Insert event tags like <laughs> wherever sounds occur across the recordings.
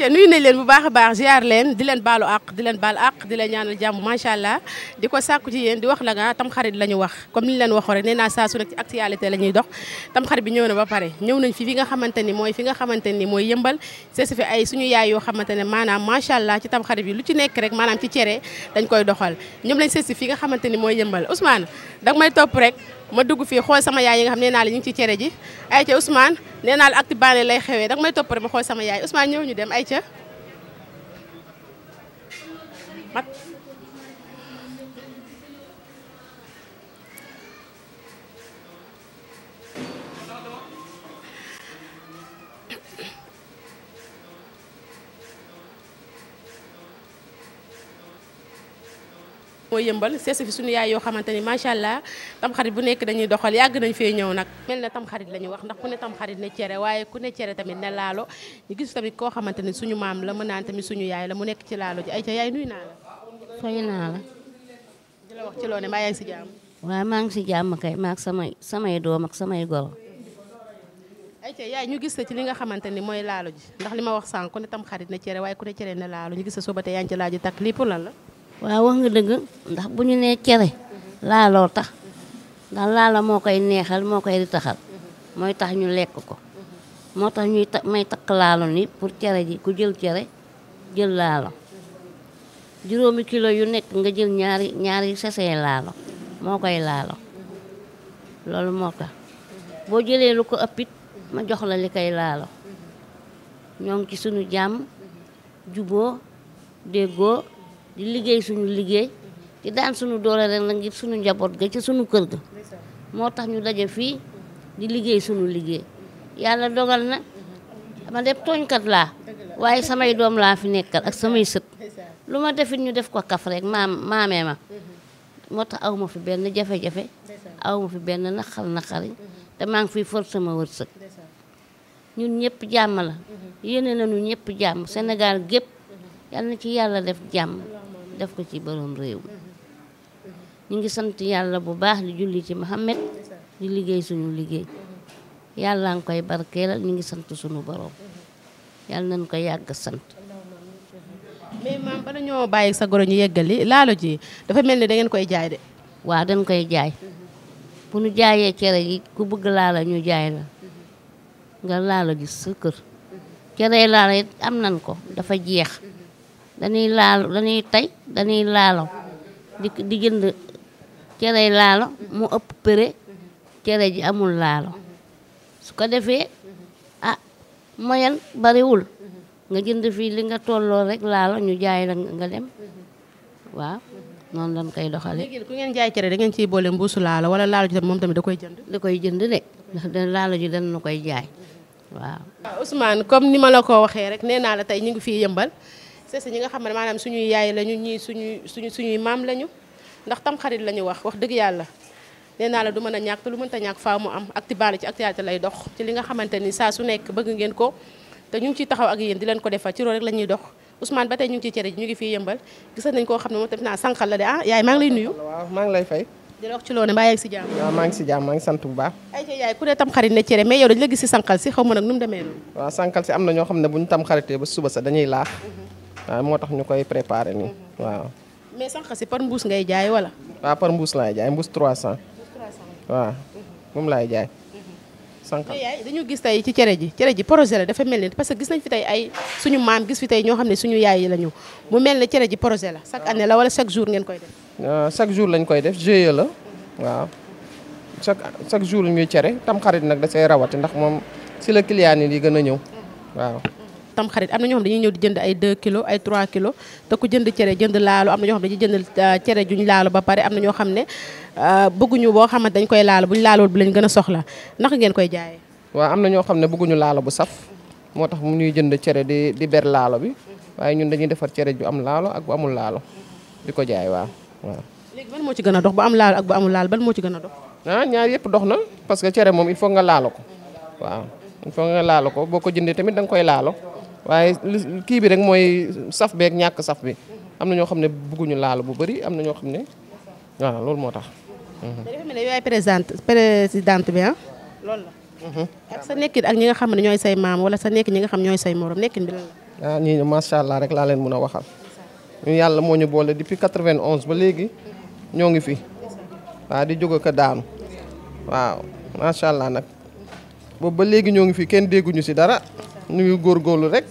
ayca nuyu nañ leen bu baax a baax ziar leen di leen baalu àq di leen baal àq di leen ñaanal jàmm macha allah di ko sàkku ci yéen di wax la nga tam xarit la ñu wax comme ni ñu leen waxoo rek nee naa saa su nekk ci actualité la ñuy dox tam xarit bi ñëw na ba pare ñëw nañ fi fi nga xamante ni mooy fi nga xamante ni mooy yëmbal seesi fi ay suñu yaay yoo xamante ne maanaam macha allah ci tam xarit bi lu ci nekk rek maanaam ci cere dañ koy doxal ñoom lañ seesi fi nga xamante ni mooy yëmbal Ousmane danga may topp rek ma dugg fii xool sama yaay yi nga xam nee naa la ñu ngi ci cere ji ay ayca Ousmane nee naa la acte banlieue lay xewee danga may toppare ma xool sama yaay Ousmane ñëw ñu dem ayca mat koo yëmbal seesi fi suñu yaay yoo xamante ni macha allah tamxarit bu nekk dañuy doxal yàgg nañ fee ñëw nag mel na tamxarit la ñu wax ndax ku ne tamxarit ne cere waaye ku ne cere tamit ne laalo ñu gis koo xamante ni suñu maam la mu naan tamit suñu yaay la mu nekk ci laalo ji ay ca yaay nuy naa la fay di la wax ci loo ne mbaa yaa ngi si jàmm waaw maa ngi si jàmm kay maa ak samay samay doom ak samay goro ayca ñu gis la ci li xamante ni mooy laalo ji ndax li ma wax sànq tam xarit ne cere waaye ku ne cere ne laalo ñu gis la soo ba tey yaa ngi ci ji takk lii pour lan la waaw wax nga dëgg ndax bu ñu nee cere laaloo tax ndax laalo moo koy neexal moo koy ritaxal mooy tax ñu lekk ko moo tax ñuy may takk laalo ni pour cere ji ku jël cere jël laalo juróomi kilo yu nekk nga jël ñaari ñaari sesee laalo moo koy laalo loolu moo tax boo jëlee lu ko ëppit ma jox la li koy laalo ñoo ci suñu jàmm juboo déggoo di liggéey suñu liggéey di daan suñu doole rek la ngir suñu njaboot ga ci suñu kër ga moo tax ñu daje fii di liggéey suñu liggéey yàlla dogal na ma def tooñkat laa waaye samay doom laa fi nekkal ak samay sët lu ma defit ñu def ko kaf rek maam ma moo tax aw fi benn jafe-jafe aw fi benn naqar naqari te maa fi fiy sama wërsëg ñun ñëpp jàmm la yéene nañu ñëpp jàmm Sénégal gépp yal na ci yàlla def jàmm def ko ci borom réew ñu ngi sant yàlla bu baax di julli ci Muhammad di liggéey suñu liggéey yàlla nga koy barkeelal ñu ngi sant suñu borom yàlla nañ ko yàgg sant mais bàyyi sa goro ñu yeggali laalo ji dafa mel ni da koy jaay de waaw koy jaay bu ñu jaayee cere yi ku bëgg laala ñu jaay la nga laalo ji sa kër cere nañ ko dafa jeex dañuy laalo dañuy tey dañuy laalo di di jënd cere laalo mu ëpp përe cere ji amul laalo su ko defee ah moyen bariwul nga jënd fii li nga tolloo rek laalo ñu jaay la nga dem waaw noonu lañ koy doxale ku ngeen jaay cere da ngeen ciy boole mbuusu laalo wala laalo ji tam moom tamit da koy jënd da koy jënd de ndax laalo ji dañ na koy jaay waaw Ousmane comme ni ma la ko waxee rek nee naa la tey ñu ngi fii yëmbal c'est ñi nga xam ne maanaam suñuy yaay lañu ñii suñuy suñu suñuy maam lañu ndax tamxarit lañu wax wax dëgg yàlla nee naa la du mën a ñàkk te lu mënta ñàkk faa mu am acti baale ci actualité lay dox ci li nga xamante ni saa su nekk bëgg ngeen ko te ñu ngi taxaw ak yéen di leen ko defal ci loolu ñuy dox Ousmane ba tey ñu ngi ciy cere ji ñu ngi fii yëmbal gis nañ koo xam ne moom tamit la de ah, lay nuyu waaw maa maa ngi si jàmm maa ngi sant bu baax ay ca yaay ku ne tam xarit ne si sànqal si xaw ma nag mu demee noonu waaw am na ñoo xam ne bu ñu tam ba suba sa dañuy laax mhm. waaw moo tax ñu koy préparé nii mhm. waaw. mais sànq si par mbuus ngay jaay wala. waaw par mbuus laay jaay mbuus 300. mbuus 300 waaw mhm. moom laay jaay. Mhm. sànq yaay dañu gis tey ci cere ji cere ji projet la dafa mel ni parce que gis nañ fi tey ay suñu maam gis fi tey ñoo xam ne suñu yaay yi la ñu mu mel ne cere ji projet la chaque année la wala chaque jour ngeen koy def. Euh, chaque jour lañ koy def GIE la waaw chaque chaque jour ñuy cere tam xarit nag da see rawati ndax moom si la client lii gën a ñëw waaw. tam xarit am na ñoo xam dañuy ñëw di jënd ay 2 kilos ay 3 kilos te ku jënd cere jënd laalo am na ñoo xam dañuy jënd euh, cere juñ laalo ba pare am ne euh, bëgguñu boo xamante dañ koy laalo buñ laalool bi lañ gën a soxla naka ngeen koy jaayee waaw am na ñoo xam ne bëgguñu laalo bu saf moo tax mu ñuy jënd cere di di ber laalo bi waaye ñun dañuy defar cere ju am laalo ak bu amul laalo di ko jaay waaw waaw léegi ban moo ci gën a dox bu am laalo ak bu amul laalo ban moo ci gën a dox ah ñaar yëpp dox na parce que cere moom il faut nga laalo ko waaw il faut nga laalo ko boo ko jëndee tamit da nga koy laalo waaye kii bi rek mooy saf beeg ñàkk saf bi am na ñoo xam ne bëgguñu laal bu bari am na ñoo xam ne waaw loolu moo tax. dafa mel ne yaay présidente présidente bi ah. mhm. ak sa nekkin ak ñi nga xam ne ñooy say maam wala sa nekkin ñi nga xam ñooy say morom nekkin bi lan la. Ah, allah rek laa leen mën a waxal. ñu yàlla moo ñu boole depuis onse ba léegi ñoo ngi fi waaw di jóg ko daanu waaw macha allah nag boobu ba léegi ñoo ngi fi kenn dégguñu si dara. ñu ngi góorlu rek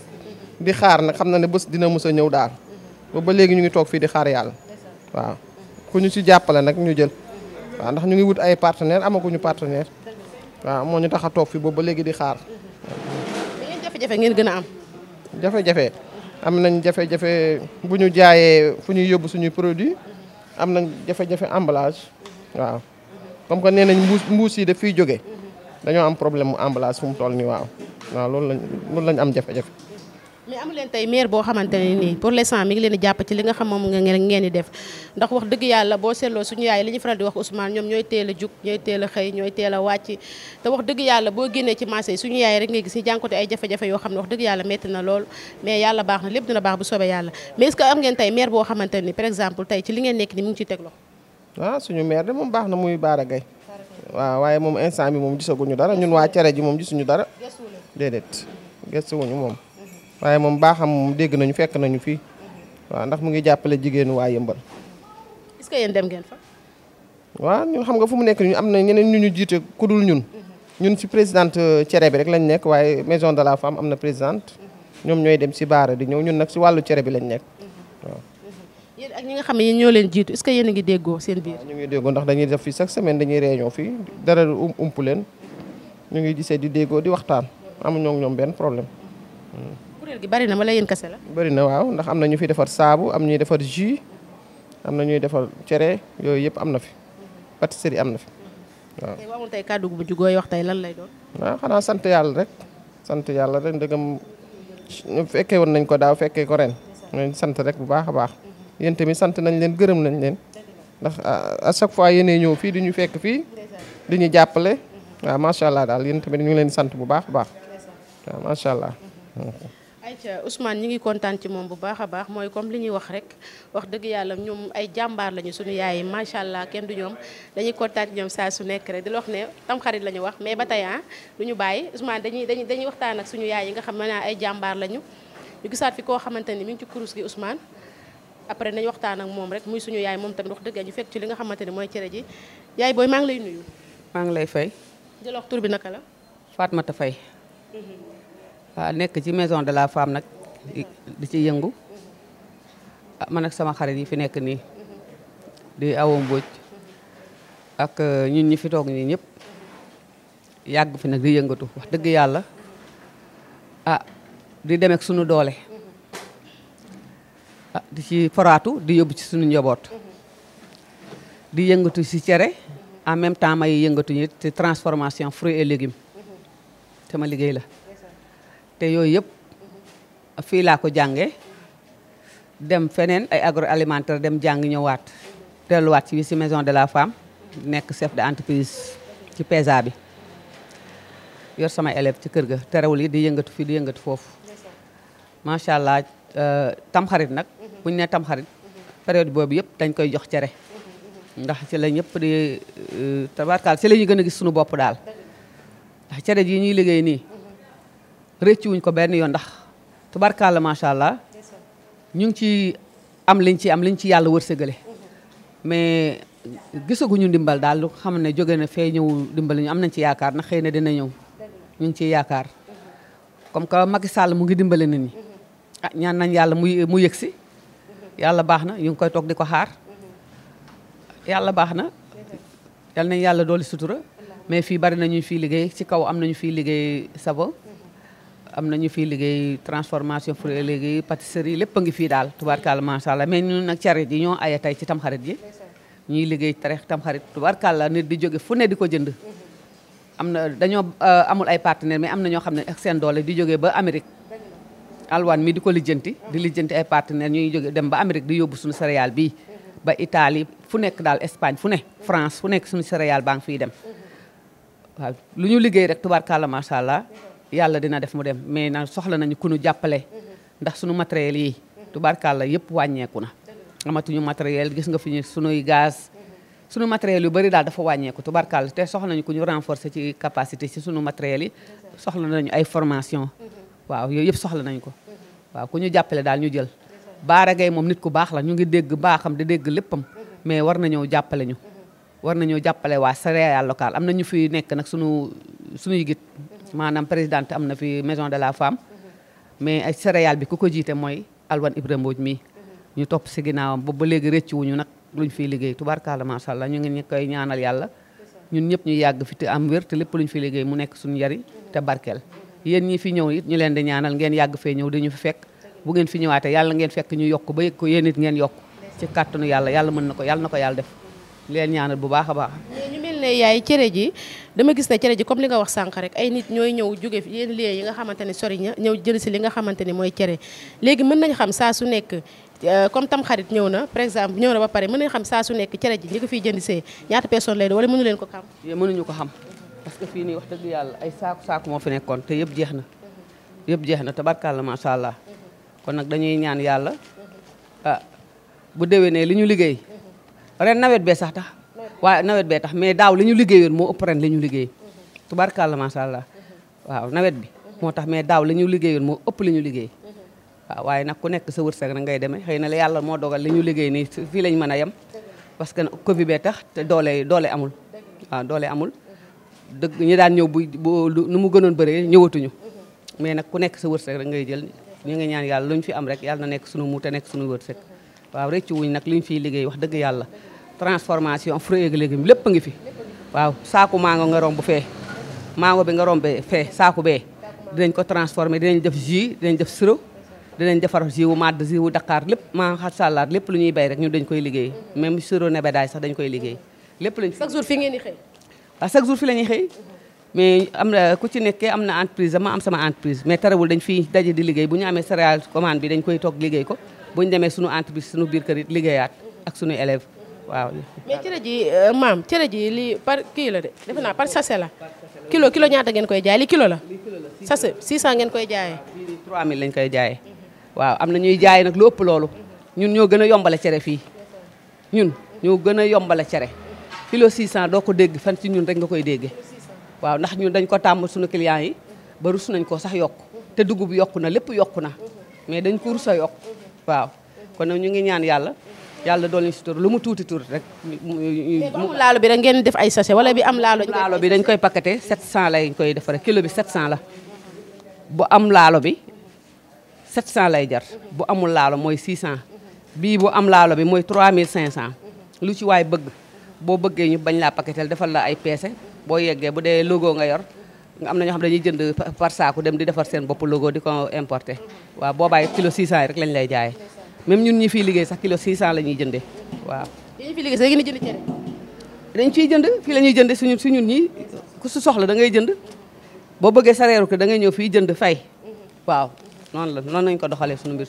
di xaar nag xam na ne bës dina mus a ñëw daal ba léegi ñu ngi toog fii di xaar yàlla waaw ku ñu si jàppale nag ñu jël waaw ndax ñu ngi wut ay partenaire amaguñu partenaire waaw moo ñu tax a toog fii ba ba léegi di xaar. yéen jafe-jafe ngeen gën a am. jafe-jafe am nañ jafe-jafe bu ñu jaayee fu ñuy yóbbu suñuy produit am nañ jafe-jafe emballage waaw comme que nee nañ mbuus mbuus yi daf fiy jóge dañoo am problème mu emballage fu mu toll nii waaw waaw loolu lañ am jafe-jafe. mais amu leen maire boo xamante ne nii pour l'instant mi ngi leen di jàpp li nga xam moom nga ngeen di def ndax wax dëgg yàlla yaay li ñu faral di wax Ousmane ñoom ñooy teel a jug ñooy teel a xëy yàlla boo génnee ci marché yi suñu yaay rek ngay gis ñu jànkote ay jafe-jafe wax dëgg yàlla metti na lool mais yàlla baax na lépp dina baax bu soobee yàlla mais est-ce que am ngeen tey maire boo xamante ne par exemple tey ci li ngeen nekk ni mu ngi ciy teg loxo ah, suñu maire de moom baax na muy Bara Gaye waaw waaye moom instant bi moom gisaguñu dara ñun waa cere ji moom gisuñu dara déedéet gëstuwuñu moom waaye moom baaxam moom dégg nañu fekk nañu fii waa ndax mu ngi jàppale jigéenu waa yëmbal est dem ngeen fa waaw ñun xam nga fu mu nekk ni ñu am na ñeneen ñu ñu jiite ku dul ñun ñun si présidente cere bi rek lañ nekk waaye maison de la femme am na président ñoom ñooy dem si baara di ñëw ñun nag si wàllu cere bi lañ nekk yéen ak ñi nga xam ne ñoo leen jiitu est-ce que yéen a ngi déggoo seen biir. ñu ngi déggoo ndax dañuy def fii chaque semaine dañuy réunion fii dara um, ump leen ñu ngi di gisee di déggoo di waxtaan amuñoo ñoom benn problème. kuréel bari na wala yéen kese la. bari na waaw ndax am na ñu fi defar saabu am ñuy defar jus am na ñuy defar cere yooyu yëpp am na fi pâtisserie am na fi waaw. tey waxoon tey kàddu gu mujj wax tey lan lay doon. xanaa sant yàlla rek sant yàlla rek ndegam fekkee woon nañ ko daaw fekkee ko ren. sant rek bu baax a baax. yéen tamit sant nañ leen gërëm nañ leen ndax à chaque fois yéenay ñëw fii di ñu fekk fii di ñu jàppale waaw macha allah daal yéen tamit ñu ngi leen sant bu baax baax waaw macha allah. ayca Ousmane ñu ngi kontaan ci moom bu baax a baax mooy comme li ñuy wax rek wax dëgg yàlla ñoom ay jàmbaar lañu suñu yaay yi macha allah kenn du ñoom dañuy kontaan ci ñoom saa su nekk rek di la wax ne tam xarit la ñu wax mais ba tey ah du ñu bàyyi Ousmane dañuy dañuy dañuy waxtaan ak suñu yaay yi nga xam ay jàmbaar lañu ñu gisaat fi koo xamante ni mi ngi ci kurus après nañ waxtaan ak moom rek muy suñu yaay moom tamit wax dëgg ñu fekk ne mooy cere ji yaay booy maa lay nuyu. maa ngi lay fay. jël wax tur bi naka la. Fatmata Faye. Mm-hmm. waaw nekk ci maison de la femme nag. di ci yëngu. Mm-hmm. Ah, man ak sama xarit yi fi nekk nii. Mm-hmm. di Awa Mbodj. ak euh, ñun ñi fi toog nii ñëpp. yàgg fi nag di yëngatu wax dëgg yàlla. ah di dem ak sunu doole. Ah, di ci foraatu di yóbbu ci suñu njaboot. di yëngatu ci cere en même temps may yëngatuñu ci transformation fruits et te ma liggéey la te yooyu yëpp fii laa ko jànge dem feneen ay agroalimentaire dem jàng ñëwaat delluwaat ci bi ci maison de la femme nekk chef de entreprise ci PESA bi yor sama élève ci kër ga terewul yi di yëngatu fii di yëngatu foofu macha allah euh, tam xarit nag buñ ne tam xarit période boobu yëpp dañ koy jox cere ndax ci la ñëpp di euh, tabarkaal ci la ñuy gën a gis suñu bopp daal ndax cere jii ñuy liggéey nii rëcc wuñ ko benn yoon ndax tabarkaal la macha allah ñu ngi ci am liñ ci am liñ ci yàlla wërsëgale mais gisaguñu ndimbal daal lu xam ne jóge na fee ñëw ndimbal ñu am nañ ci yaakaar na xëy na dina ñëw ñu ngi ciy yaakaar comme que Macky mu ngi dimbal nit ñi ah ñaan nañ yàlla mu yëg si yàlla baax na ñu ngi koy toog di ko xaar yàlla baax na yal nañ yàlla dooli sutura mais fii bari nañu fii liggéey ci kaw am nañu fii liggéey savon am na ñu fii liggéey transformation fruits léegi pâtisserie lépp a ngi fii daal tubaarkàlla macha allah mais ñun nag carit yi ñoo aya tey ci tamxarit yi ñuy liggéey tarex tamxarit tubaarkàlla nit di jóge fu ne di ko jënd am na dañoo euh, amul ay partenaire mais am na ñoo xam ne ak seen doole di jógee ba Amérique alwaan mii di ko lijjanti di lijjanti ay partenaires ñuy jóge dem ba Amérique di yóbbu suñu céréale bii ba itali fu nekk daal Espagne fu ne France fu nekk suñu céréale baa ngi fiy dem waaw lu ñu liggéey rek tubaarkàlla macha allah yàlla dina def mu dem mais na soxla nañu ku ñu jàppale ndax suñu matériel yi tubaarkàlla yëpp wàññeeku na amatuñu matériel gis nga fi ñu suñuy gaz suñu matériel yu bëri daal dafa wàññeeku tubaarkàlla te soxla nañu ku ñu renforcer ci capacité ci suñu matériel yi soxla nañu ay formation waaw yooyu yëpp soxla nañ ko waaw ku ñu jàppale daal ñu jël Baara Gaye moom nit ku baax la ñu ngi dégg baaxam di dégg léppam mais war nañoo jàppale ñu war nañoo jàppale waa céréales locales am na ñu fi nekk nag sunu suñuy git maanaam présidente am na fi maison de la femme mais ay céréales bi ku ko jiite mooy Alwan Ibrahima Mbodj mii ñu topp si ginnaawam ba ba léegi rëcc wuñu nag luñ fiy liggéey tubarkalla macha allah ñu ngi ñu koy ñaanal yàlla ñun ñëpp ñu yàgg fi te am wér te lépp luñ fiy liggéey mu nekk suñu njariñ te barkeel yéen ñi fi ñëw it ñu leen di ñaanal ngeen yàgg fee ñëw di ñu fi fekk bu ngeen fi ñëwaatee yàlla ngeen fekk ñu yokk ba yëg ko yéen it ngeen yokk ci kàttanu yàlla yàlla mën na ko yàlla ko yàlla def leen bu baax a baax ñu mel ne yaay cere ji dama gis ne cere ji comme li nga wax sànq rek ay nit ñooy ñëw jóge yéen lieu yi nga xamante ne sori ña ñëw jël si li nga xamante ne mooy cere léegi mën nañ xam saa su nekk euh, comme tam xarit ñëw na par exemple ñëw na ba pare mën nañ saa su nekk cere ji ñi jënd see ñaata personne lay doon wala leen ko xam mënuñu ko xam parce que fii nii wax dëgg yàlla ay saaku saaku moo fi nekkoon te yëpp jeex na yëpp jeex na tabarkàlla macha allah kon nag dañuy ñaan yàlla ah bu déwénee li ñu liggéey ren nawet bee sax tax waaye nawet bee tax mais daaw li ñu liggéeyoon moo ëpp li ñu liggéey tabarkàlla macha allah waaw nawet bi moo tax mais daaw li ñu liggéeyoon moo ëpp li ñu liggéey waaw waaye nag ku nekk sa wërsëg na ngay demee xëy na la yàlla moo dogal li ñu liggéey nii fii lañ mën a yem parce que bee tax te doole doole amul waaw doole amul dëgg ñu daan ñëw bu nu mu gënoon bëree ñëwatuñu mais nag ku nekk sa wërsëg rek ngay jël ñu nga ñaan yàlla luñ fi am rek yàlla na nekk suñu mu te nekk suñu wërsëg waaw rëccu wuñ nag luñ fiy liggéey wax dëgg yàlla transformation fruits léegi légumes lépp a ngi fi waaw saaku mango nga bu fee mango bi nga rombe fee saaku bee dinañ ko transformé dinañ def jus dinañ def sirop dinañ defar jus wu madd jus wu Dakar lépp maa xasaalaat lépp lu ñuy bay rek ñu dañ koy liggéey même sirop nebedaay sax dañ koy liggéey waaw chaque jour la ñuy xëy mais am na ku ci nekkee am na entreprise dama am sama entreprise mais terewul dañ fi daje di liggéey bu ñu amee céréale commande bi dañ koy toog liggéey ko bu demee suñu entreprise suñu biir kër it ak suñu élève waaw. mais cere ji euh, maam cere ji lii par kii la de defe naa par sachet la. kilo kilo ñaata ngeen koy jaay li kilo la. sachet 600 ngeen koy jaayee. 3000 lañ koy jaayee. waaw am na ñuy jaay nag lu ëpp loolu. ñun ñoo gën a yombale cere fii ñun ñoo gën a yombale cere. kilo 600 doo ko dégg fan ci ñun rek nga koy dégge waaw ndax ñun dañ ko tàmm suñu clients yi ba rus nañ ko sax yokk te dugub yokk na lépp yokk na mais dañ ko rus a yokk waaw kon nag ñu ngi ñaan yàlla yàlla dool ñu si tur lu mu tuuti tur rek. mu laalo bi rek ngeen def ay sachet wala bi am laalo. laalo bi dañ koy paqueté 700 lay koy defaree kilo bi 700 la bu am laalo bi 700 lay jar bu amul laalo mooy 600 bii bu am laalo bi mooy 3500 lu ci waay bëgg. boo bëggee ñu bañ laa paquetel defal la ay peese boo yeggee bu dee logo nga yor nga am na ñoo xam dañuy jënd par saaku dem di defar seen bopp logo di ko importer waaw boobaay kilo 600 yi rek lañ lay jaayee même ñun ñii fii liggéey sax kilo 600 lañuy ñuy waaw. yéen ñi fiy dañ fiy jënd fii la ñuy jënd suñu suñun ñi ku su soxla da ngay jënd boo bëggee sareeru ko da ngay ñëw fii jënd fay waaw noon la noon nañ ko doxalee suñu mbir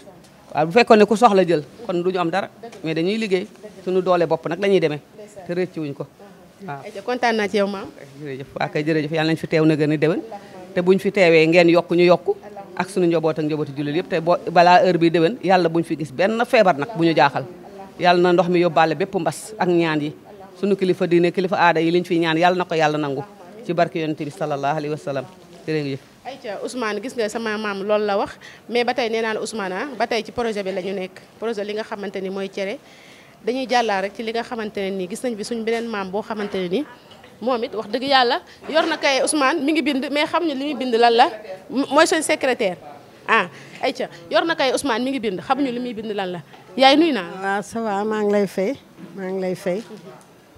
waaw bu fekkoon ne ku soxla jël kon du ñu am dara mais dañuy liggéey sunu doole bopp nag la ñuy demee te rëcc wuñ ko waaw ci yow maam jërëjëf waa yàlla nañ fi teew na gën a déwén te buñ fi teewee ngeen yokk ñu yokk ak suñu njaboot ak njabooti jullit yëpp te boo balaa heure déwén yàlla buñ fi gis benn feebar nag bu ñu jaaxal yàlla na ndox mi yóbbaale bépp mbas ak ñaan yi suñu kilifa diine kilifa aada yi liñ fi ñaan yàlla na ko yàlla nangu ci barke yonente bi sallallahu alayhi wa sallam jërëjëf ayca Ousmane gis nga sama maam loolu la wax mais ba tey nee naa la Ousmane ah, ba tey ci ni mooy cere dañuy jàllaa rek ci li nga xamante ne nii gis nañ bi suñ beneen maam boo xamante ne nii moom it wax dëgg yàlla yor na kay Ousmane mi ngi bind mais xam ñu li muy bind lan la mooy seen secrétaire ah, yor na kay Ousmane mi ngi bind xamuñu li muy bind lan la yaay nuy naa waaw ah, ça va maa ngi lay fay maa ngi lay fay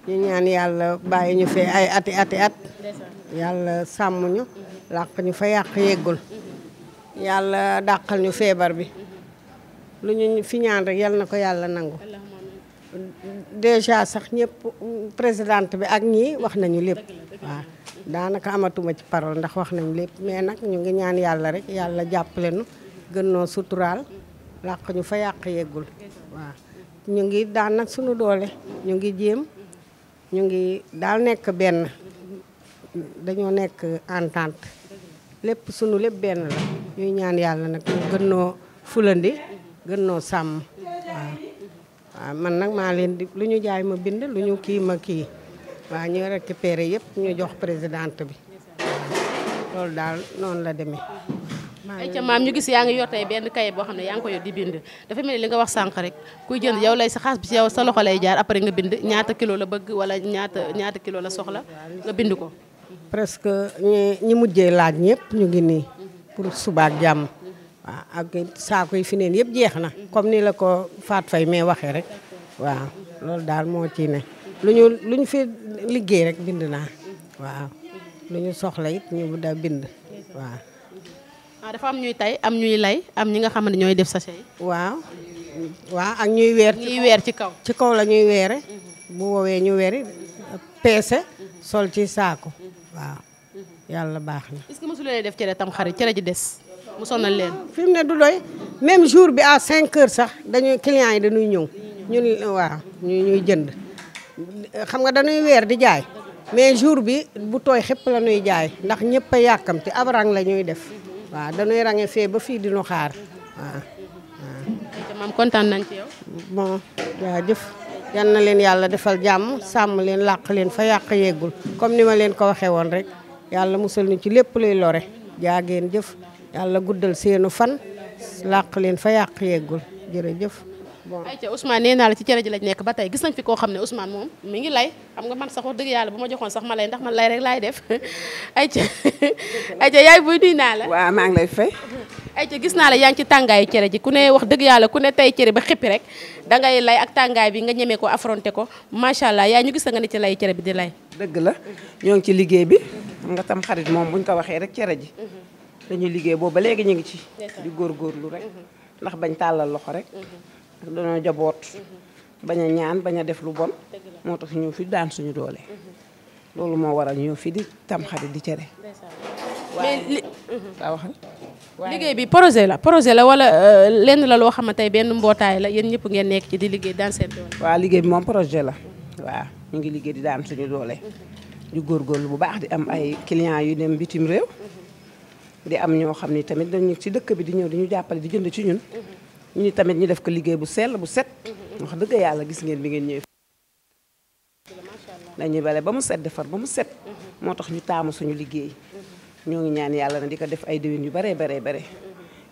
ñu ñaan yàlla bàyyi ñu fee ay ati ati at yàlla sàmm ñu làq ñu fa yàq yeggul yàlla dàqal ñu feebar bi lu ñu fi ñaan rek yal na ko yàlla nangu déjà sax ñëpp présidente bi ak ñii wax nañu lépp waaw daanaka amatuma ci paral ndax wax nañu lépp mais nag ñu ngi ñaan yàlla rek yàlla jàppale nu gën noo suturaal làq ñu fa yàq yeggul waaw ñu ngi daan nag suñu doole ñu ngi jéem ñu ngi daal nekk benn dañoo nekk entente lépp sunu lépp benn la ñuy ñaan yàlla nag ñu gën noo fulandi gën noo sàmm waaw waaw man nag maa leen di lu ñu jaay ma bind lu ñu kii ma kii waaw ñu récupéré yëpp ñu jox présidente bi loolu daal noonu la demee. ay ca maam ñu gis yaa ngi yor tey benn kayit boo xam ne yaa ngi ko yor di bind dafa mel ni li nga wax sànq rek kuy jënd yow lay sa xaas bi si yow sa loxo lay jaar après nga bind ñaata kilo la bëgg wala ñaata ñaata kilo la soxla nga bind ko. presque ñi ñi mujjee laaj ñëpp ñu ngi nii pour subaat jàmm. waaw ak saako yi fi neen yëpp jeex na comme nii la ko faat fay mais waxee rek waaw loolu daal moo ci ne lu ñu lu ñu fi liggéey rek bind naa waaw lu ñu soxla it ñu da bind waaw ah, dafa am ñuy tay am ñuy lay am ñi nga xam ñooy def sachet yi waaw ak ñuy weer weer ci kaw ci kaw la ñuy weere bu woowee ñu weeri peese sol ci saako waaw yàlla baax na est-ce que mosu leen tam xarit cere ji des mu sonal leen. fi mu ne du doy même jour bi à cinq heures sax dañuy clients yi dañuy ñëw ñun waaw ñu ñuy jënd xam nga dañuy weer di jaay mais jour bi bu tooy xëpp la ñuy jaay ndax ñëpp a yàkkamti ab rang la ñuy def waaw dañuy range fee ba fii di ñu xaar waaw. waaw maam kontaan nañ ci yow. bon na leen yàlla defal jàmm sàmm leen làq leen fa yàq yeggul comme ni ma leen ko waxee woon rek yàlla musal ñu ci lépp luy lore jaa ngeen jëf. yàlla guddal seenu fan làq leen fa yàq yeggul jërëjëf. bon ayca Ousmane nee naa la ci cere ji lañ nekk ba tey gis nañ fi koo xam ne Ousmane moom mi ngi lay xam nga man sax wax yàlla bu ma joxoon sax ma lay ndax man lay rek laay def ayca <laughs> ayca <laughs> yaay buy nuyu naa la. waaw maa ngi lay fay. ayca gis naa la yaa ngi ci tàngaayu cere ji ku ne wax dëgg yàlla ku ne tey cere ba xippi rek dangay lay ak tàngaay bi nga ñemee ko affronté ko macha allah yaa ñu gis nga ne ci lay cere bi di lay. dëgg la ñoo ngi ci liggéey bi. nga tam xarit moom buñ ko waxee rek cere ji. Mhm. dañuy liggéey boobu ba léegi ñu ngi ci. di góorlu rek. Mhm. ndax bañ tàllal loxo rek. Mhm. dañoo jaboot. Mhm. bañ a ñaan bañ a def lu bon. moo tax ñëw fi daan suñu doole. loolu moo waral ñëw fi di tamxarit di cere. mais li liggéey bi projet la projet la wala euh, lenn la loo xam ne tey benn mbootaay la yéen ñëpp ngeen nekk ci di liggéey daan seen doole. waaw liggéey bi moom projet la. waaw ñu ngi liggéey di daan suñu doole. ñu góorlu bu baax di am ay clients yu dem bitim réew. di am ñoo xam ni tamit dañu ci dëkk bi di ñëw di ñu jàppale di jënd ci ñun. Mhm. ñu tamit ñu def ko liggéey bu sell bu set. Mhm. wax dëgg yàlla gis ngeen bi ngeen ñëwee. dañuy bale ba mu set defar ba mu set. Mhm. moo tax ñu taamu suñu liggéey. ñoo ngi ñaan yàlla na di ko def ay déwén yu baree baree bare.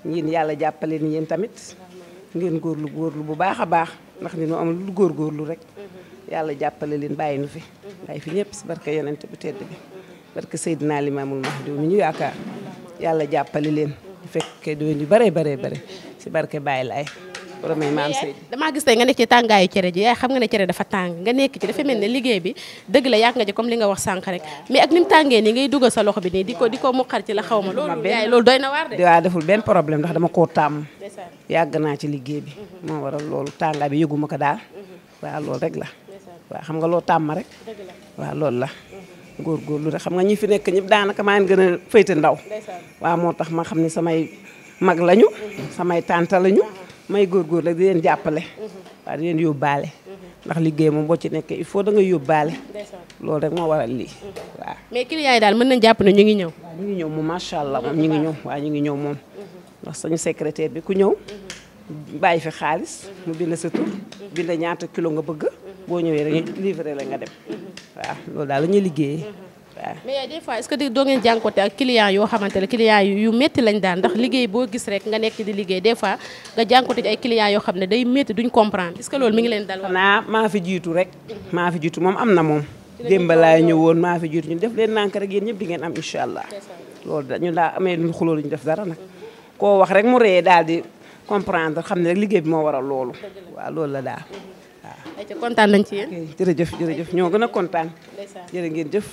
yéen yàlla jàppale ni yéen tamit. ngeen góor lu góor lu bu baax a baax ndax ni ñu am lu góorgóorlu rek. yàlla jàppale leen bàyyi nu fi. bàyyi fi ñëpp si barke yonent bu tedd bi. barke Seydina Limaamul Mahdi ñu yaakaar. yàlla jàppale leen bu fekkee déwén yu bare bare bare si barke Baye Laye borom maam Seydi damaa gis tey nga nekk ci tàngaayu cere ji yaay xam nga ne cere dafa tàng nga nekk ci dafa mel ne liggéey bi dëgg la yàgg nga ji comme li nga wax sànq rek mais ak ni mu tàngee nii ngay dugal sa loxo bi nii di ko di ko muqar ci la xaw ma loolu yaay loolu doy na waar de waaw deful benn problème ndax dama koo tàmm yàgg naa ci liggéey bi mhm. moo a loolu tàngaay bi yëguma ko daal mhm. waaw loolu la waaw xam nga loo tàmm góor lu rek xam nga ñi fi nekk ñëpp daanaka maa ngi gën a féyte ndaw waa moo tax ma xam ne samay mag lañu mhm. samay tànta lañu mhm. may góor góor rek di leen jàppale mhm. waaw di leen yóbbaale ndax liggéey moom boo ci nekkee il faut da nga yóbbaale loolu rek moo waral lii waaw mais client yi daal mën nañ jàpp ne ñu ngi ñëw waaw ngi ñëw moom macha allah moom ñu ngi ñëw waaw ñu ngi ñëw moom ndax sañu secrétaire bi ku ñëw bàyyi fi xaalis mu bind sa tur kilo nga bëgg boo ñëwee rek livré la nga dem waaw loolu daal la ñu liggéeyee waaw is des fois est-ce que doo ngeen jànkoonte ak client yoo xamante ne client yu métti lañ daan ndax liggéey boo gis rek nga nekk di liggéey des fois nga jànkoonte ci ay clients yoo xam ne day métti duñ comprendre est que loolu mi ngi leen dal xanaa maa fi jiitu rek maa fi jiitu moom am na moom démb laa ñëwoon maa fi jiitu ñu def leen nànk rek yéen ñëpp di ngeen am incha allah loolu da ñu daa amee luñ xuloo luñ def dara nag koo wax rek mu ree daal di comprendre xam ne liggéey bi moo waral loolu waaw ayca kontaan nañ ci yéen. jërëjëf jërëjëf ñoo gën a kontaan. jërë ngeen jëf.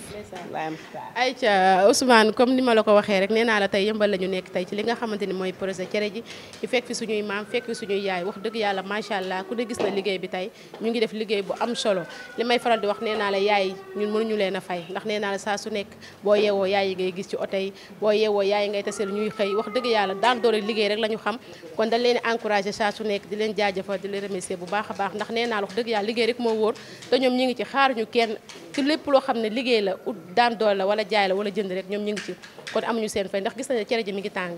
ayca Ousmane comme ni ma la ko waxee rek nee naa la tey yëmbal la ñu nekk tey ci li nga xamante ni mooy projet cere ji ñu fekk fi suñuy maam fekk fi suñuy yaay wax dëgg yàlla macha allah ku ne gis na liggéey bi tey ñu ngi def liggéey bu am solo li may faral di wax nee naa la yaay ñu mënuñu leen a fay ndax nee naa la saa su nekk boo yeewoo yaay yi ngay gis ci oto boo yeewoo yaay yi ngay taseel ñuy xëy wax dëgg yàlla daan la ñu xam kon dañ di leen jaajëfal di leen remercier a Sénégal liggéey rek moo wóor te ñoom ñu ngi ci xaaruñu kenn ci lépp loo xam ne liggéey la ut daan dool la wala jaay la wala jënd rek ñoom ñu ngi ci kon amuñu seen fay ndax gis nañu cere ji mi ngi tàng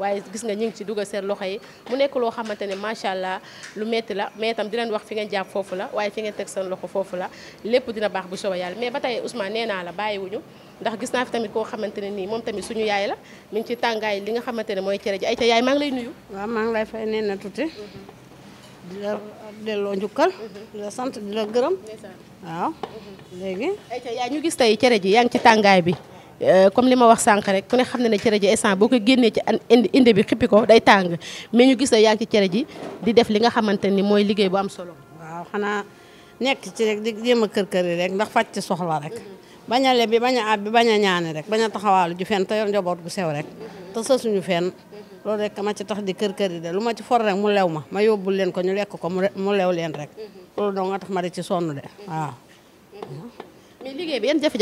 waaye gis nga ñu ngi ci dugal seen loxo yi mu nekk loo xamante ne macha allah lu metti la mais itam di leen wax fi ngeen jàpp foofu la waaye fi ngeen teg seen loxo foofu la lépp dina baax bu soobee yàlla mais ba tey Ousmane nee naa la bàyyiwuñu ndax gis naa fi tamit koo xamante ne nii moom tamit suñu yaay la mi ngi ci tàngaay li nga xamante ne mooy cere ji ay ca yaay maa ngi lay nuyu. waaw maa ngi lay fay nee na di la delloo njukkal. di la sant di la gërëm. waaw léegi. yaa ñu gis tey cere ji yaa ngi ci tàngaay bi euh, comme li ma wax sànq rek ku ne xam na ne cere ji instant boo ko génnee ci indi indi bi xippi ko day tàng mais ñu gis la yaa ci cere ji di def li nga xamante ni mooy liggéey bu am solo. waaw xanaa nekk ci rek di jéem a kër kër yi rek ndax faj ci soxla rek. bañ a lebi bañ a àbbi bañ a ñaani rek baña a taxawaalu ju fenn te yor njaboot gu sew rek te sësuñu loolu rek ma ci tax di kër kër yi de lu ma ci for rek mu lew ma ma yóbbul leen ko ñu lekk ko mu lew leen rek mhm. loolu doo tax ma di ci sonn de waaw. Mhm. mais liggéey bi yan jafe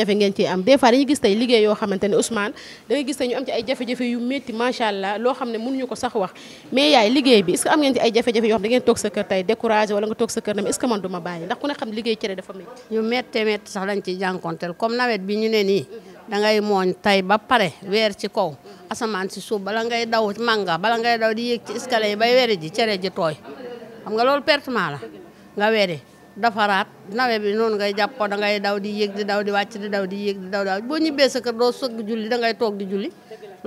am des fois dañuy yoo xamante ne Ousmane da ngay yu métti macha allah loo xam ne mënuñu ko sax wax mais yaay liggéey bi est ce que am ngeen ci ay jafe-jafe yoo xam da toog sa kër tey découragé wala nga toog sa kër ne est ce que man du ma bàyyi ndax ku ne xam liggéey cere dafa métti. ñu méttee métti sax lañ ciy jànkonteel comme nawet bi ñu ne nii mhm. da ngay mooñ tey ba pare weer ci kaw asamaan si suuf bala ngay daw manga bala ngay daw di yéeg ci escalier yi bay weere ji cere ji tooy xam nga loolu pertement la nga weere dafaraat nawe bi noonu ngay jàppoo da ngay daw di yéeg di daw di wàcc di daw di yéeg di daw daw boo ñibbee sa kër doo sëgg julli da ngay toog di julli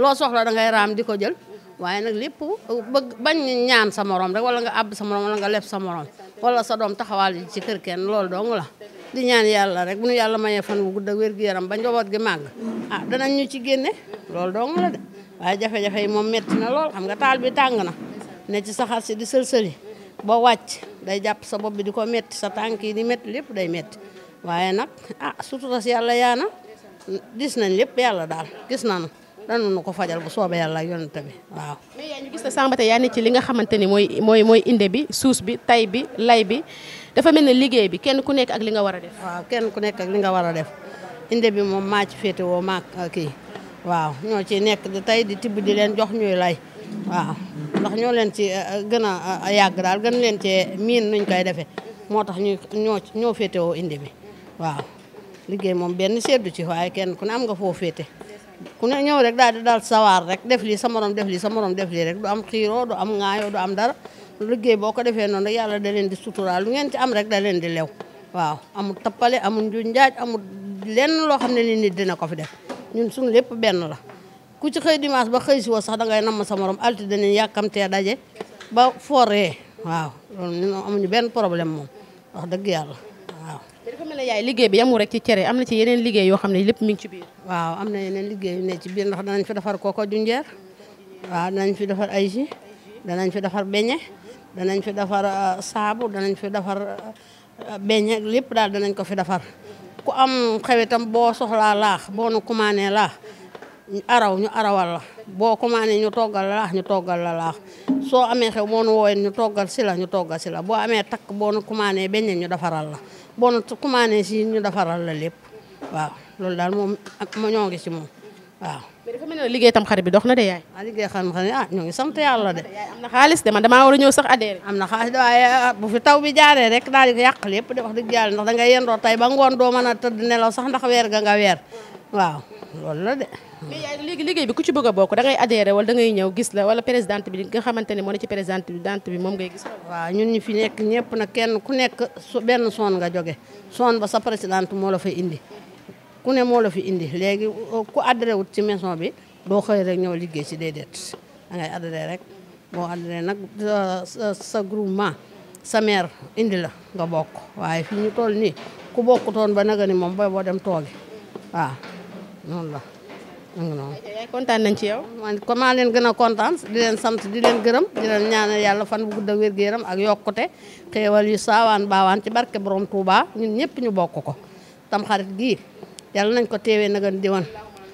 loo soxla da ngay raam di ko jël waaye nag lépp bëgg bañ ñaan sa morom rek wala nga àbb sa morom wala nga leb sa morom wala sa doom taxawaal ci kër kenn loolu dong la di ñaan yàlla rek bu nu yàlla mayee fan wu gudd ak wér gu yaram ba njaboot gi màgg ah danañ ñu ci génne loolu dong la de waaye jafe-jafe yi moom metti na lool xam nga taal bi tàng na ne ci saxaar si sëli boo wàcc day jàpp sa bopp bi di ko metti sa tànk yi di metti lépp day metti waaye nag ah sutura si yàlla yaana gis nañ lépp yàlla daal gis nañu danu nu ko fajal bu soobee yàlla ak yonent bi nga xamante ni mooy mooy inde bi suus bi tay bi lay bi. dafa mel ne liggéey bi kenn ku nekk ak li nga war a def. waaw kenn ku nekk ak li nga war a def inde bi moom maa ci féete woo kii waaw ñoo ci nekk tey di tibb di leen jox ñuy lay waaw ndax ñoo leen ci eh, eh, gën a eh, yàgg daal gën leen ci miin nuñ koy defee moo tax ñu ñoo ñoo féete woo inde bi waaw liggéey moom benn seddu ci waaye kenn ku ne am nga foo féete ku ne ñëw rek daal di daal sawaar rek def lii sa morom def lii sa morom def lii rek du am xiiroo du am ŋaayoo du am dara liggéey boo ko defee noonu yàlla da leen di suturaal lu ngeen ci am rek da leen di lew waaw amul tappale amul njuñ njaaj amul lenn loo xam ne ni nit dina ko fi def ñun suñu lépp benn la ku ci xëy dimanche ba xëy si woo sax da ngay namm sa morom alti danañ yàkkamtee daje ba foree waaw loolu ñun amuñu benn problème moom wax dëgg yàlla waaw dafa mel ne yaay liggéey bi yamul rek ci cere am na ci yeneen liggéey yoo xam ne lépp mi ngi ci biir waaw am na yeneen ne ci biir ndax danañ fi defar kooko junjeer waaw danañ fi defar ay jus danañ fi defar beñe danañ fi defar euh, saabu danañ fi defar euh, beñ lépp daal danañ ko fi defar ku am xew itam boo soxlaa laax boo nu commandé laax araw ñu arawal la boo commandé ñu toggal la laax ñu toggal la laax soo amee xew boo nu woowee ñu toggal si la ñu toggal si la boo amee takk boo nu commandé beñ ñu defaral la boo nu commandé si ñu defaral la lépp waaw loolu daal moom ñoo ngi si moom waaw mais dafa mel bi dox na de yaay ah liggéey xam xam ah ñu sant yàlla de yaay am na xaalis de man damaa a ñëw am na xaalis de waaye ah, bu fi jaaree rek daal yàq lépp de wax dëgg yàlla ndax da ngay yendoo tay ba ngoon doo mën a tëdd nelaw sax ndax weer ga nga waaw loolu la léegi liggéey bi ku ci bëgg bokk da ngay adhéré wala da ñëw gis la wala présidente bi nga xamante ne moo ne ci présidente bi dante bi moom ngay gis waaw ñun ñi fi nekk ñëpp na kenn ku nekk benn soon nga joge soon ba sa présidente moo la fay indi ku ne moo la fi indi léegi uh, ku adhéré wut ci maison bi doo xëy rek ñëw liggéey si déedéet da ngay rek boo adhéré nag sa groupement sa maire indi la nga bokk waaye fi ñu toll nii ku bokkutoon ba naga ni moom booy boo dem tooge waaw noonu la. yaay kontaan nañ ci yow. man comment leen gën a kontaan di leen sant di leen gërëm di leen ñaanal yàlla fan bu gudd ak wér gu ak yokkute xéewal yu saawaan baawaan ci barke borom Touba ñun ñëpp ñu bokk ko tam xarit yàlla nañ ko teewee nagan diwan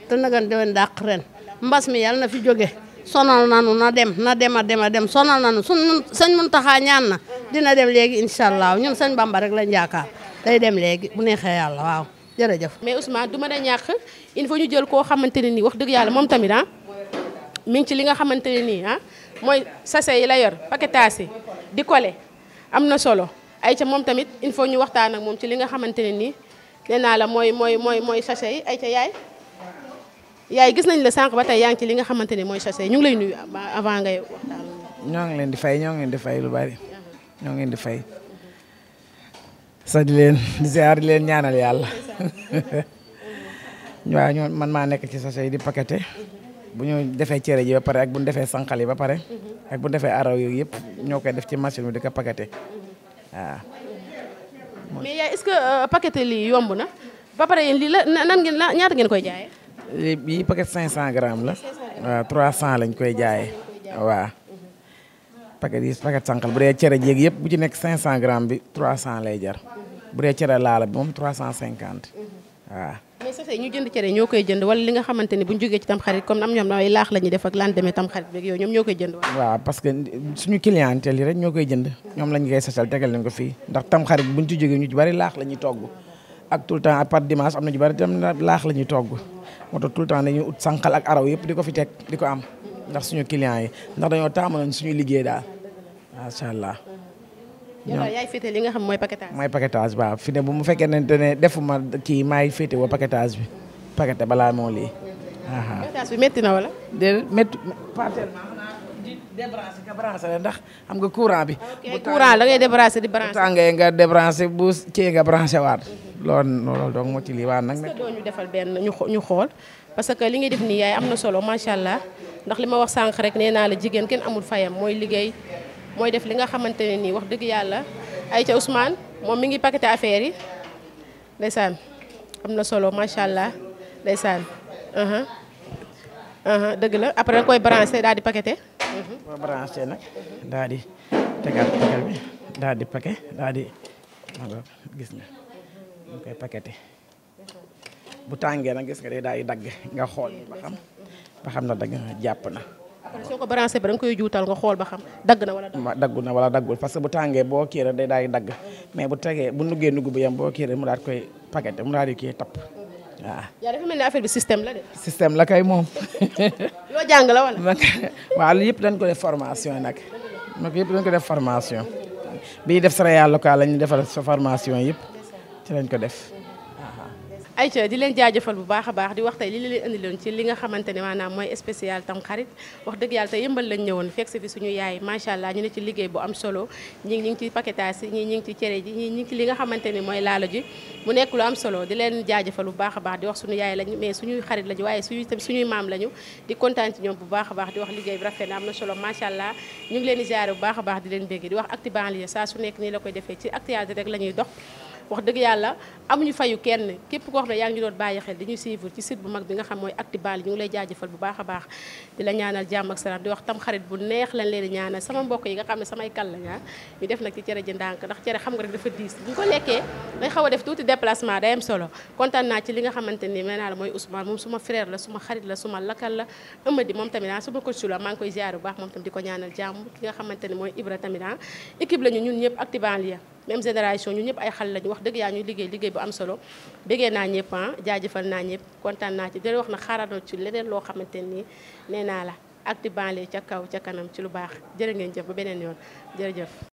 te nagan diwan dàq ren mbas mi yàlla na fi jóge sonal nanu na dem na dem a dem a dem sonal nanu suñ mun sëñ Muntaxa ñaan na dina dem léegi incha allah ñun sëñ Bamba rek lañ yaakaar day dem léegi bu neexee yàlla waaw jërëjëf. mais Ousmane du mën a ñàkk il faut ñu jël koo xamante ne nii wax dëgg yàlla moom tamit ah ngi ci li nga xamante ne nii ah mooy sachet yi la yor paquetage yi di kole am na solo ay ca moom tamit il faut ñu waxtaan ak moom ci li nga xamante ne nii. nee naa la mooy mooy mooy mooy sachet yi ay ca yaay yaay gis nañ la sànq ba tey yaa ci li nga xamante ni mooy sachet ñu ngi lay nuyu avant ngay waxtaan ñoo ngi leen di fay ñoo ngi leen di fay lu bari ñoo ngi di fay sax di leen di <laughs> ziar di leen ñaanal yàlla <laughs> waaw ñoo man maa nekk ci sachet yi di paqueté bu ñu defee cere ji ba pare ak bu ñu defee sànqal yi ba pare ak bu ñu defee araw yooyu yëpp ñoo koy def ci machine bi di ko paqueté waaw mais yaay est-ce que euh, paquet lii yomb na ba pare yéen lii la nan ngeen la ñaata ngeen koy jaayee. bii bii paquet cent grammes la. 500 waaw 300 lañ koy jaaye waaw paquet yi paquet sànqal bu dee cere jéeg yëpp bu ci nekk cent gramme bi 300 lay jar bu dee cere laala bi moom 350 waaw. mais sosé ñu jënd cere ñoo koy jënd wala li nga xamante ni bu ñu jógee ci tam xarit comme am ñoom damay laax la tegal leen ko fii ndax tam xarit buñ ci jógee ñu ci bari laax la ñuy togg ak tout le temps à part dimanche am na ñu bari tam laax la ñuy togg moo tax tout le temps dañuy ut sànqal ak araw yëpp di ko fi teg di ko am ndax suñu client yi ndax dañoo taamu nañ suñu liggéey daal macha allah ñoom yaay féete li nga xam mooy paquetage. mooy paquetage waaw fi ne bu mu fekkee ne defuma kii maay féete wa paquetage bi paqueté balaa moo lii. paquetage metti na wala. déedéet métti pas la ndax am nga courant bi. bu courant da ngay débrancher di branché. bu tàngee nga débranché bu cee nga branché waat. loolu loolu donc moo ci lii waa nag. est-ce que doo ñu defal benn ñu xool parce que li nga def nii yaay am na solo macha allah ndax li ma wax sànq rek nee naa la jigéen kenn amul fayam mooy liggéey. mooy def li nga xamante ne nii wax dëgg yàlla ay ca Ousmane moom mi ngi paqueté affaire yi day ndeysaan am na solo macha allah ndeysaan uh-huh. Uh-huh, dëgg la après da koy branché daal di paqueté. boo uh-huh. nag daal di tegaat paquet di paquet gis nga bu tàngee nag gis nga day daal di dagg nga xool ba xam na dagg na jàpp na. kon soo ko branché ba nga koy juutal nga xool ba xam dagg na wala daggul na wala daggul parce que bu tàngee boo kii rek day dagg mais bu tegee bu nuggee nugg bu yem boo kii mu daal di koy paqueté mu daal di kii tapp waaw. yaa dafa mel ni affaire bi système la de. système kay moom. loo <laughs> jàng <laughs> yëpp dañ ko def formation nag. donc yëpp dañ ko def formation. bi def céréales locales la ñu defal sa formation yëpp ci lañ ko def. ayca di leen jaajëfal bu baax a baax di wax tey li leen indi ci li nga xamante ne maanaam mooy spécial tam xarit wax dëgg yàlla tey yëmbal lañ ñëwoon fekk si fi suñu yaay macha allah ñu ne ci liggéey bu am solo ñi ñi ngi ci paquetage ñi ngi ci cere ji ñi ñi li nga xamante ne mooy laalo ji mu nekk lu am solo di leen jaajëfal bu baax a baax di wax suñu yaay lañu mais suñuy xarit lañu waaye suñuy tam suñuy maam lañu di kontaan ci ñoom bu baax a baax di wax liggéey bi rafet na am na solo macha allah ñu ngi leen di ziare bu baax a baax di leen bégg di wax acti banlieue saa su nekk nii koy defee ci actualité rek la ñuy dox wax dëgg yàlla amuñu fayu kenn képp koo xam ne yaa ngi doon bàyyi xel dañuy suivre ci site bu mag bi nga xam mooy Actubali ñu ngi lay jaajëfal bu baax a baax di la ñaanal wax tam bu neex lañ leen di ñaanal mbokk yi nga xam ne samay kal lañ ah, ñu def ci cere ji ndax cere xam nga rek dafa diis ko lekkee day xaw a def tuuti déplacement day am solo kontaan naa ci li nga xamante ni nee naa la mooy Ousmane moom suma frère la suma xarit la suma lakkal la ëmadi moom tamit ah, suma coach la maa ngi koy ziar bu baax moom tam di ko ñaanal jàmm ki nga xamante ni mooy Ibra tamit ah, équipe lañu ñun ñëpp Actubali même génération ñu ñëpp ay xale lañu wax dëgg yaa ñuy liggéey liggéey bu am solo bëggee naa ñëpp ah jaajëfal naa ñëpp kontaan naa ci di wax na xaaral ci leneen loo xamante nii nee naa la Actu Banlieue ca kaw ca kanam ci lu baax jërë ngeen jëf ba beneen yoon jërëjëf